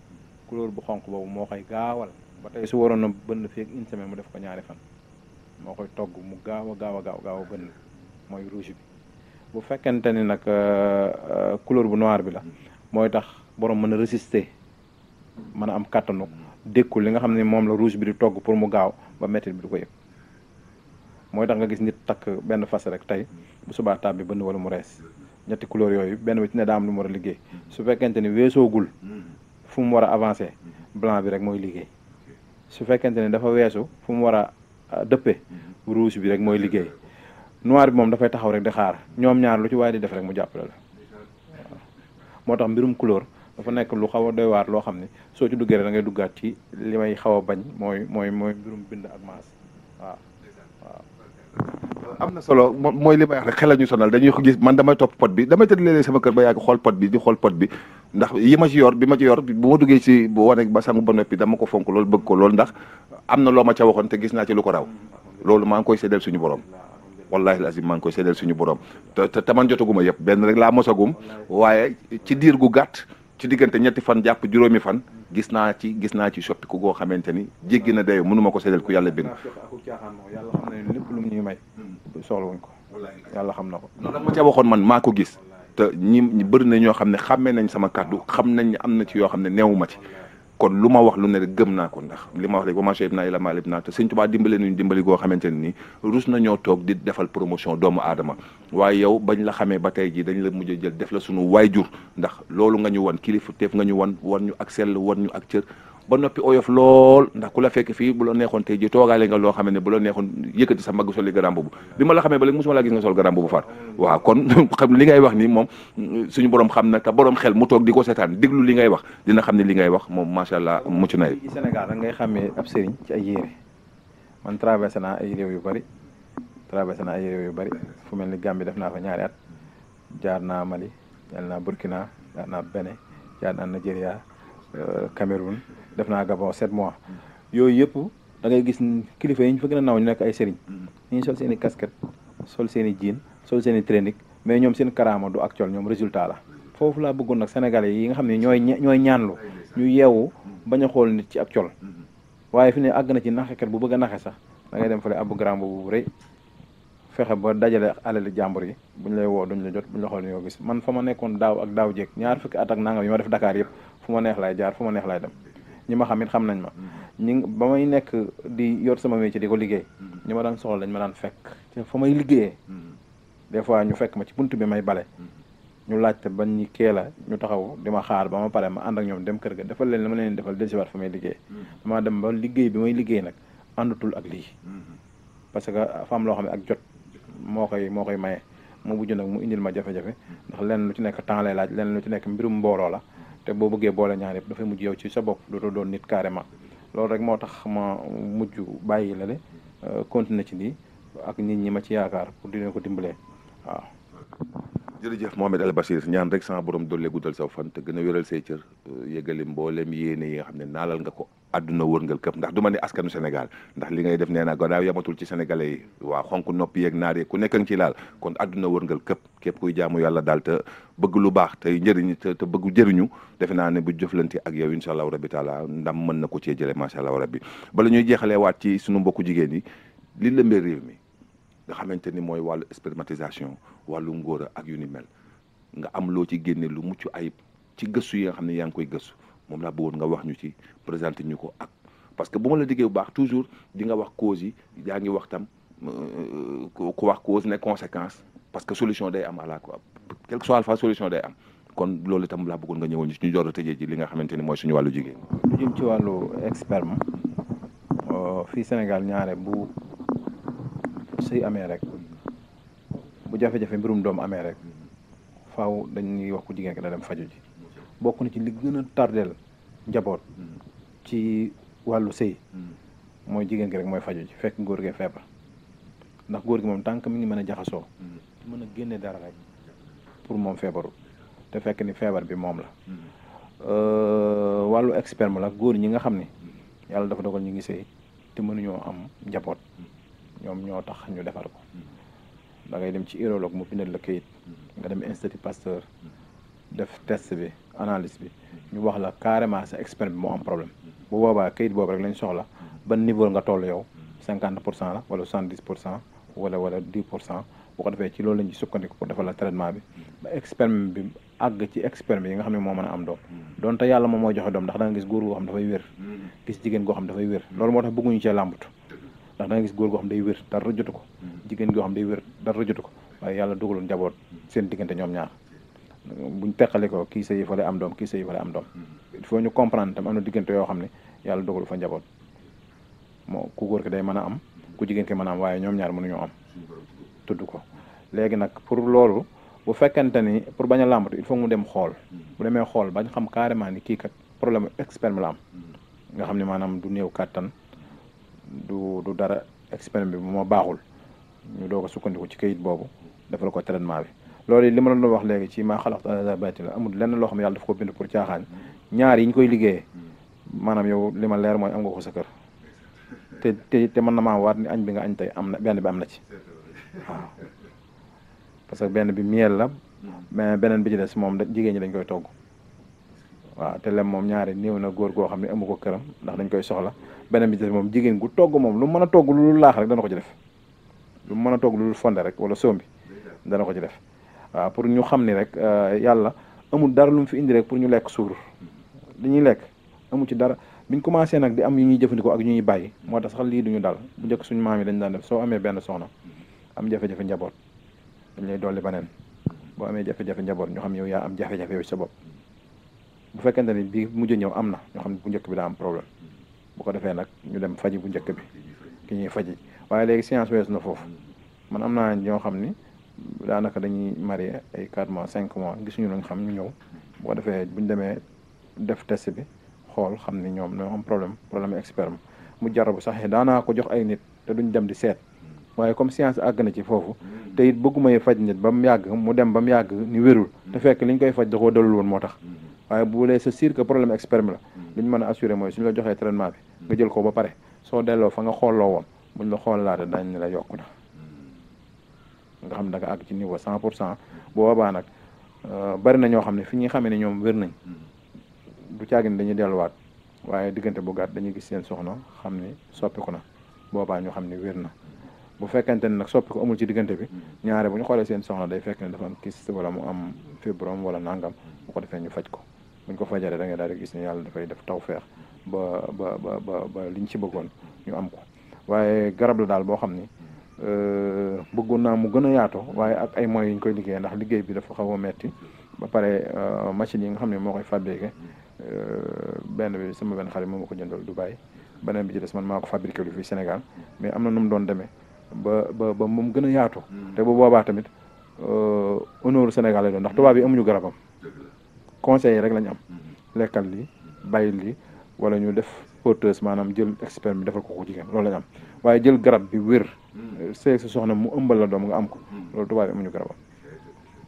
couleur bu xonq boobu moo koy gaawal ba tey su waroon a bënn fii ak une semaine mu def ko ñaari fan moo koy togg mu gaaw a gaaw a gaaw gaaw a bënn mooy rouge bi bu fekkente ni nag euh, euh, couleur bu noir bi la mooy tax borom mën a résister mën a am kàttanu dékku li nga xam ne moom la rouge bi di togg pour mu gaaw ba métti bi du ko yëg mooy tax nga gis nit takk benn fas rek tey bu subaa taab bi bënn wala mu rees ñetti couleur yooyu benn bi ci ne daa am lu mu war a liggéey su fekkente ni weesoogul fu mu war a avancer blanc bi rek mooy liggéey su fekkente ni dafa weesu fu mu war a dëppe rouge bi rek mooy liggéey noir bi moom dafay taxaw rek di xaar ñoom ñaar lu ci waaye di def rek mu jàppale la moo tax mbirum couleur dafa nekk lu xaw a doy loo xam ne soo ci duggee da ngay duggaat ci li may xaw a bañ mooy mooy mooy mbirum bind ak maas waaw waaw. am na solo mooy li may wax rek xelal ñu sonal dañuy gis man damay topp pot bi damay tëdd léeg-léeg sama kër ba yàgg xool pot bi di xool pot bi ndax yi ma ci yor bi ma ci yor bu ma duggee ci bu wane ba sangu ba noppi dama ko fonk loolu bëgg ko loolu ndax am na loo ma ca waxoon te gis naa ci lu ko raw loolu maa ngi koy séddal suñu borom. wallahi lazim maa ngi koy seedeel suñu borom te te man jotaguma yëpp benn rek laa mosagum waaye ci diir gu gàtt ci diggante ñetti fan jàpp juróomi fan gis naa ci gis naa ci soppiku goo xamante ni jéggi na dayo mënuma ko seedeel ku yàlla bind yàlla xam lépp lu mu ñuy may soxla wuñ ko yàlla xam na ko loolu ma ca waxoon man maa ko gis te ñi bëri na ñoo xam ne xàmmee nañ sama kàddu xam nañ am na ci yoo xam ne neewu ci kon lu ma wax lu ne rek gëm naa ko ndax li ma wax rek ba ma shay'in illaa maa alimnaa te Sëñ Tuubaa dimbale nañu dimbali goo xamante ne nii rus na ñoo toog di defal promotion doomu aadama waaye yow bañ la xamee ba tey ji dañ la mujj jël def la suñu jur ndax loolu nga ñu wan kilifa teef nga ñu wan wan ñu ak sell wan ñu ak cër ba noppi oyof lool ndax ku la fekk fii bu la neexoon tey ji toogaale nga loo xam ne bu la neexoon yëkkati sa mag soli garam boobu mm. bi ma la xamee ba léegi mosuma laa gis nga sol garam boobu far mm. waaw kon [laughs] xam li ngay wax ni moom mm, suñu borom xam na te borom xel mu toog di ko seetaan déglu li ngay wax dina xam ne li ngay wax moom macha allah mucc na Sénégal da ngay xamee a sëriñ ci ay yére man traversé naa ay réew yu bari traversé naa ay réew yu bari fu mel ni Gambie def naa fa ñaari jaar naa Mali jaar naa Burkina jaar naa Bénin jaar naa Nigeria euh, Cameroun def naa Gabon sept mois yooyu yëpp dangay gis kilifa yi ñu fa gën naw ñu nekk ay sëriñ ñu sol seen i casquette sol seeni jiin jean sol seen i mais ñoom seen karaama du actuel ñoom résultat la foofu laa bëggoon nag sénégalais yi nga xam ne ñooy ñooy ñaanlu ñu yeewu bañ a xool nit ci actuel waaye fi ne àgg na ci naxekat bu bëgg a naxe sax da ngay dem fale abu grand boobu rëy fexe ba dajale alali jàmbur yi buñ lay woo duñ la jot buñ la xool ñoo gis man nekkoon daaw ak daaw jéeg ñaar at ak nangam yi def Dakar yëpp neex laay jaar fu ma neex laay dem ñi ma xam it xam nañ ma ñi ba may nekk di yor sama métier di ko liggéey mm-hmm. ñu ma daan soxla lañ ma daan fekk te fa may liggéeyee mm-hmm. des fois ñu fekk ma ci bunt bi may bale mm-hmm. ñu laajte bañ ñi kee la ñu taxaw di ma xaar ba ma pare ma ànd ak ñoom dem kër ga defal leen la ma leen defal dellusiwaat fa may liggéey damaa dem ba liggéey bi may liggéey nag àndatul ak lii parce que dafa loo xam ne ak jot moo koy moo koy maye mu mujj nag mu indil ma jafe-jafe ndax lenn lu ci nekk temps lay laaj lenn lu ci nekk mbirum mbooloo la te boo bëggee boole ñaar yëpp dafay mujj yow ci sa bopp dootoo doon nit carrément loolu rek moo tax ma mujj bàyyi la le euh, continuer ci lii ak nit ñi ma ci yaakaar pour di leen ko dimbalee waaw jërëjëf Mohamed El Bachir ñaan rek sama borom doole guddal saw fan te gën a wéral say cër euh, yëgali mboolem yéene yi nga ne naalal nga ko àdduna wërngal këpp ndax du ma ne askanu Sénégal ndax li def nee naa gannaaw yamatul ci sénégalais waa xonk nopp yeeg naar yeeg ku nekk nga ci laal kon àdduna wërngal këpp képp kuy jaamu yàlla daal bëgg lu baax tey njëriñ te bëgg jëriñu defe naa ne bu jëflante ak yow incha allahu rabi taala ndam mën na ko cee jële macha allahu rabi bala ñuy jeexalee waat ci suñu mbokku jigéen yi li lëmbee réew mi nga xamante ni mooy wàllu spermatisation wàllu ngóora ak yu ni mel nga am loo ci génne lu mucc ayib ci gëstu yi nga xam ne yaa ngi koy gëstu moom laa bëggoon nga wax ñu ci présenté ñu ko ak parce que bu ma la diggee bu baax toujours di nga wax cause yi yaa ngi wax tam euh, ku wax cause ne conséquence parce que solution day am à la quelle que soit alpha solution day am kon loolu itam laa bëggoon nga ñëwoon ñu suñu door a tëjee ci li nga xamante ni mooy suñu wàllu jigéen lu jëm ci wàllu expert euh, fii Sénégal ñaare bu sëy amee rek bu jafe-jafe mbirum doomu amee rek faaw dañuy wax ku jigéen ki na dem faju ji bokk na ci li gën a tardeel njaboot ci wàllu sëy mooy jigéen gi rek mooy faju ji fekk góor gee feebar ndax góor gi moom tànk mi ngi mën a jaxasoo mën a génne dara rek pour moom feebaru te fekk ni feebar bi moom la wàllu expert la góor ñi nga xam ni yàlla dafa dogal ñu ngi sëy te mënuñoo am njaboot ñoom ñoo tax ñu defar ko da ngay dem ci urologue mu bindal la kayit mm-hmm. nga dem institut Pasteur def test bi analyse bi ñu wax la carrément sa expert bi moo am problème mm-hmm. bu boobaa kayit boobu rek lañ soxla mm-hmm. ban niveau nga toll yow cinquante pour cent la wala soixante dix pour cent wala wala dix pour cent bu ko defee ci loolu lañ ci sukkandiku pour defal bi ba bi àgg ci expert bi yi nga xam ne moo a am doom donte yàlla moom mooy joxe doom ndax da nga gis góor goo xam dafay wér gis jigéen goo xam dafay wér loolu moo tax bëgguñu cee làmbatu ndax da nga gis góor goo xam day wér dara jotu ko jigéen goo xam day wér dara jotu ko waaye yàlla dugaloon njaboot seen diggante ñoom ñaar buñ teqale ko kii sëy fa am doom kii sëy fa am doom mm-hmm. il faut ñu comprendre tam am na diggante yoo xam ne yàlla dugalu fa njaboot moo ku góor ki day mën a am ku jigéen ke mën a am waaye ñoom ñaar mënuñoo am tudd ko léegi nag pour loolu bu fekkente ni pour bañ a làmbatu il faut mu dem xool mm-hmm. bu demee xool bañ xam carrément ni kii kat problème experme la am mm-hmm. nga xam ne maanaam du néew kàttan du du dara experme bi moo baaxul ñu doog a sukkandiku ci kayit boobu defal ko traitement bi loolu li ma la doon wax léegi ci maa xalaxtu ala batil amul lenn loo xam ne yàlla daf ko bind pour caaxaan ñaar yi koy liggéeyee maanaam yow li ma leer mooy am nga ko sa kër te te te mën na maa waat ni añ bi nga añ tey am na benn bi am na ci waaw parce que benn bi miel la mais beneen bi ci des moom jigéen ñi dañ koy togg waaw te lem moom ñaari néew na góor goo xam ne amu ko këram ndax dañ koy soxla beneen bi ci des moom jigéen togg moom lu mën a togg lu laax rek dana ko ci def lu mën a toog lu fonde rek wala sombi dana ko ci def waaw pour ñu xam ni rek euh, yàlla amul dara lu mu fi indi rek pour ñu lekk suur li ñuy lekk amul ci dara biñ commencé nag di am yu ñuy jëfandikoo ak ñu ñuy bàyyi moo tax sax lii duñu dal bu njëkk suñu maam yi dañ daan def soo amee benn soxna am jafe-jafe njaboot dañ lay dolli beneen boo amee jafe njaboot ñu xam yow yaa am jafe-jafe yow ci sa bopp bu fekkente ni bii mujj ñëw am na ñu xam ne bu njëkk bi daa am problème bu ko defee nag ñu dem faji bu njëkk bi ki ñuy faji waaye léegi science wees na foofu man am naa ñoo xam ni daanaka dañuy marié ay 4 mois 5 mois gisuñu luñ xam ñu ñëw boo defee buñ demee def test bi xool xam ni ñoom ñoo xam problème problème expert mu jar bu sax daanaa ko jox ay nit te duñ dem di seet waaye comme science àgg na ci foofu te it bëggumay faj nit ba mu yàgg mu dem ba mu yàgg ni wérul te fekk liñ koy faj da koo dalul woon moo tax waaye bu lee c'est sûr que problème expert la liñ mën a assuré mooy suñ la joxee traitement bi nga jël ko ba pare soo fa nga xoolloo woon buñ la xool laata dañ ne la yokk na hmm. nga xam da nga àgg ci niveau cent pour cent bu boobaa nag euh, bari na ñoo xam ne fi ñuy xamee ne ñoom wér nañ du hmm. caagin dañuy delluwaat waaye diggante bu gàtt dañuy gis seen soxna xam ne soppiku na boobaa ñu xam ne wér na hmm. bu fekkente ne nag soppiku amul ci diggante bi ñaare bu ñu xoolee seen soxna day fekk dafa am kyste wala mu am fibrome wala nangam bu ko defee ñu faj ko buñ ko fajaree da ngay daal di gis ne yàlla dafay def tawfeex ba ba ba ba ba liñ ci bëggoon ñu am ko waaye garab la daal boo xam ni euh, bëggoon naa mu gën a yaatoo waaye ak ay moyens yu ñu koy liggéey ndax liggéey bi dafa xaw a metti ba pare euh, machine yi nga xam ne moo koy fabriqué euh, benn bi sama benn xarit moo ma ko jëndal Dubaï beneen bi ci des man maa ko fabriqué lu fii Sénégal mais am na nu mu doon demee ba ba ba moom gën a yaatu. Mm. te bu boobaa tamit honneur Sénégal lay doon ndax tubaab yi amuñu garabam conseil rek lañ am mm-hmm. lekkal li bàyyi li wala ñu def. porteuse maanaam jël expert bi defal ko ko jigéen loolu lañ am waaye jël garab bi wér hmm. seeg sa soxna mu ëmbal la doom nga am ko hmm. loolu tubaab bi amuñu garabam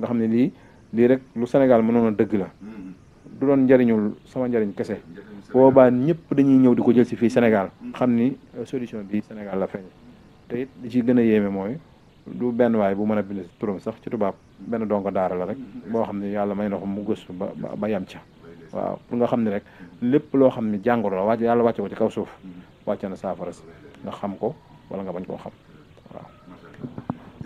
nga xam ne lii lii rek lu Sénégal mënoon a dëgg la hmm. du doon njariñul sama njariñ kese boobaa ñëpp dañuy ñëw di ko jël si fii Sénégal xam ni euh, solution bi Sénégal la feeñ te it li ci gën a yéeme mooy du benn waay bu mën a bind turam sax ci tubaab benn dongo daara la rek boo xam ne yàlla may na ko mu gëstu ba ba yam ca waaw pour nga xam ne rek lépp loo xam ne jàngoro la wàcc yàlla wàcce ko ci kaw suuf wàcce na saafara si nga xam ko wala nga bañ koo xam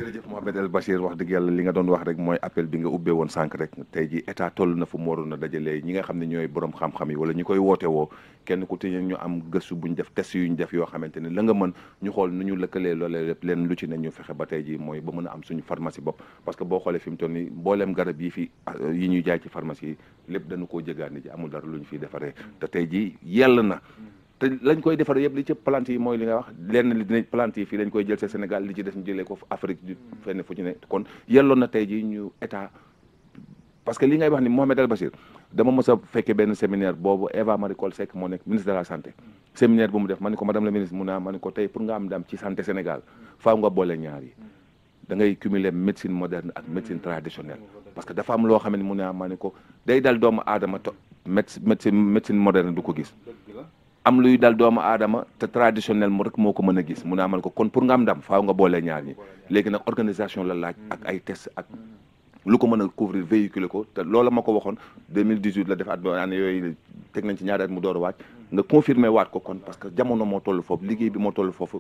jërëjëf Mohamed El Bachir wax dëgg yàlla li nga doon wax rek mooy appel bi nga ubbee woon sànq rek tey ji état toll na fu mu a dajalee ñi nga xam ne ñooy borom xam-xam yi wala ñi koy woote woo kenn ku tëjee am gëstu bu ñu def tes yu ñu def yoo xamante ne la nga mën ñu xool nu ñu lëkkalee loolee lépp leen lu ci ne ñu fexe ba tey ji mooy ba mën a am suñu pharmacie bopp parce que boo xoolee fi mu toll nii mbooleem garab yi fi yi ñuy jaay ci pharmacie yi lépp dañu koo jëgaani ji amul dara lu ñu fiy defaree te tey ji na te lañ koy defar yëpp li ci plante yi mooy li nga wax leen li dinañ plante yi fii lañ koy jël ci Sénégal li ci def ñu jëlee ko Afrique du fenn fu ci ne kon yelloon na tey ji ñu état parce que li ngay wax ni Mohamed El Bachir dama mos a benn séminaire boobu Eva Marie Coll Seck moo nekk ministre de la santé séminaire bu mu def ma ne ko madame la ministre mu ne ma ne ko tey pour nga am ndam ci santé Sénégal faaw nga boole ñaar yi da ngay cumuler médecine moderne ak médecine traditionnelle parce que dafa am loo xam ne mu ne ma ne ko day dal doomu aadama to médecine médecine moderne du ko gis am luy dal doomu aadama te traditionnel mu rek moo ko mën a gis mun ne amal ko kon pour nga am ndam faaw nga boole ñaar ñi léegi nag organisation la laaj ak ay test ak lu ko mën a couvrir véhiculer ko te loola ma ko waxoon 2018 la def at ba année yooyu teg nañ ci ñaari at mu door a waaj nga confirmé waat ko kon parce que jamono moo toll foofu liggéey bi moo toll foofu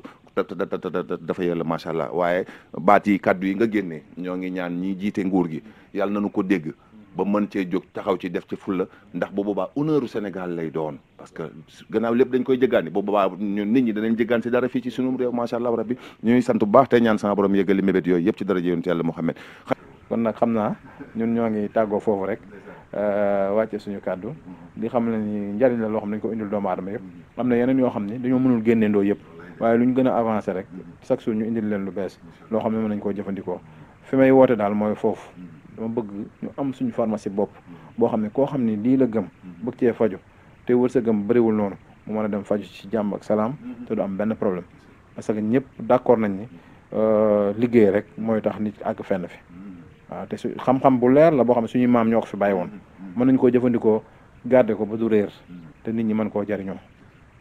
dafa yàlla macha allah waaye baat yi kaddu yi nga génnee ñoo ngi ñaan ñi jiite nguur gi yàlla na ko dégg. ba mën cee jóg taxaw ci def ci fulla ndax bu boobaa honneur u Sénégal lay doon parce que gannaaw lépp dañ koy jëggaani bu boobaa ñun nit ñi danañ jëggaan si dara fii ci suñu réew macha allah rabbi ñuy sant bu baax tey ñaan sama borom yëgali mébét yooyu yëpp ci dara yonent Yàlla Muhammad kon nag xam naa ñun ñoo ngi tàggoo foofu rek euh, wàcce suñu kàddu di xam ne ni njariñ la loo xam ne dañ ko indil doomu adama yëpp am na yeneen yoo xam ne dañoo mënul génneendoo yëpp waaye lu ñu gën a rek chaque jour ñu indil leen lu bees loo xam ne mën nañ koo jëfandikoo fi may woote daal mooy foofu dama bëgg ñu am suñu pharmacie bopp boo xam ne koo xam ne lii la gëm bëgg cee faju te wërsëgam bëriwul noonu mu mën a dem faju ci jàmm ak salaam te du am benn problème parce que ñëpp d'accord nañ ni euh, liggéey rek mooy tax nit ak fenn fi waaw te su xam-xam bu leer la boo xam ne suñuy maam ñoo ko fi bàyyi woon mën nañ koo jëfandikoo garder ko ba du réer te nit ñi mën koo jariñoo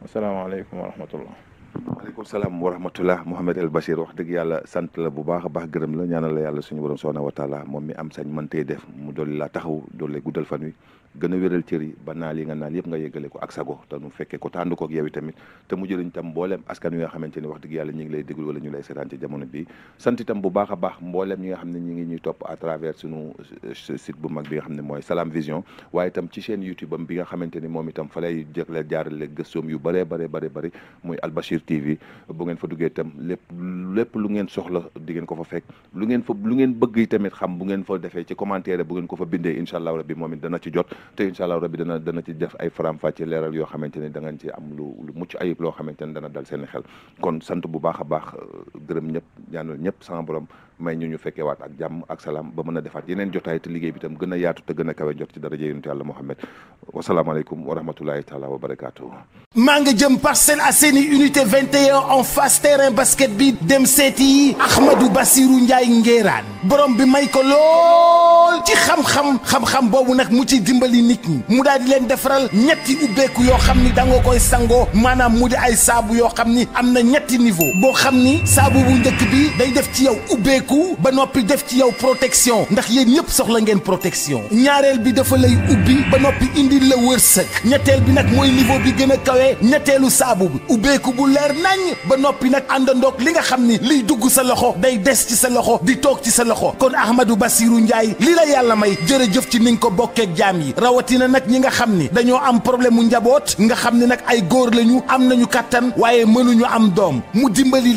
asalaamaaleykum wa rahmatullah maaleykum salaam wa rahmatullah Mouhamed El Bachir wax dëgg yàlla sant la bu baax a baax gërëm la ñaanal la yàlla suñu borom subhaanahu wa taala moom mi am sañ mën tey def mu dolli laa taxaw dolli guddal fan wi gën a wéral cër yi ba naal yi nga naal yëpp nga yëggale ko ak sago te nu fekkee ko tànd kook yow itamit te mu jëriñ tam mbooleem askan wi nga xamante ni wax dëgg yàlla ñi lay déglu wala ñu lay seetaan ci jamono bi sant itam bu baax a baax mbooleem ñi nga xam ne ñi ngi ñuy topp à travers suñu euh, bu mag bi nga xam ne mooy Salam Vision waaye itam ci chaîne YouTube bi nga xamante ni moom itam fa lay jëkle jaarale gëstoom yu bëree bare bëri bëri muy Albachir TV bu ngeen fa duggee tam lépp lépp lu ngeen soxla di ngeen ko fa fekk lu ngeen fa lu ngeen bëgg tamit xam bu ngeen fa defee ci commentaire bu ngeen ko fa bindee incha allah rabbi moom it dana ci te incha allah rabbi dana dana ci def ay faram leeral yoo xamante ni da ngeen am lu lu mucc ayib loo xamante ni dana dal seen xel kon sant bu baax a baax gërëm ñëpp ñaanal ñëpp sama may ñu ñu fekkee waat ak jàmm ak salaam ba mën a defaat yeneen jotaay te liggéey bi tam gën a yaatu te gën a kawe jot ci daraja yonent yàlla Muhammad wasalaamaaleykum wa rahmatulahi taala wa barakaatu. maa nga jëm Parcelles Assainies unité 21 en face terrain basket bi dem seeti Ahmadou Bassirou Ndiaye Ngéraan borom bi may ko lool ci xam-xam xam-xam boobu nag mu ci dimbali nit ñi mu daal di leen defaral ñetti ubbeeku yoo xam ni da nga koy sangoo maanaam mu di ay saabu yoo xam ni am na ñetti niveau boo xam ni saabu bu njëkk bi day def ci yow ubbeeku. tëkku ba noppi def ci yow protection ndax yéen ñëpp soxla ngeen protection ñaareel bi dafa lay ubbi ba noppi indi la wërsëg ñetteel bi nag mooy niveau bi gën a kawe ñetteelu saabu bi ubbeeku bu leer nañ ba noppi nag àndandoog li nga xam ni liy dugg sa loxo day des ci sa loxo di toog ci sa loxo kon Ahmadou Bassirou Ndiaye li la yàlla may jëf ci ni ko bokkeeg jaam yi na nag ñi nga xam ni dañoo am problème mu njaboot nga xam ni nag ay góor lañu am nañu kàttan waaye mënuñu am doom mu dimbali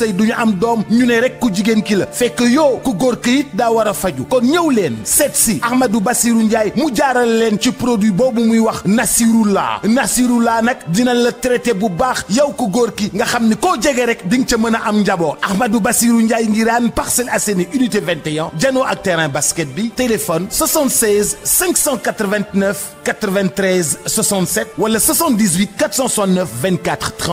sëy du ñu am doom ñu ne rek ku jigéen ki la fekk yow ku góor ki daa war a faju kon ñëw leen seet si Ahmadou Bassirou Ndiaye mu jaaral leen ci produit boobu muy wax la Nasirullah Nasirullah nag dina la traité bu baax yow ku góor ki nga xam ni koo jege rek di nga ca mën a am njaboot Ahmadou Bassirou Ndiaye ngiraan Parcelles Assainies unité 21 janoo ak terrain basket bi téléphone 76 589 93 67 wala 78 469 24 30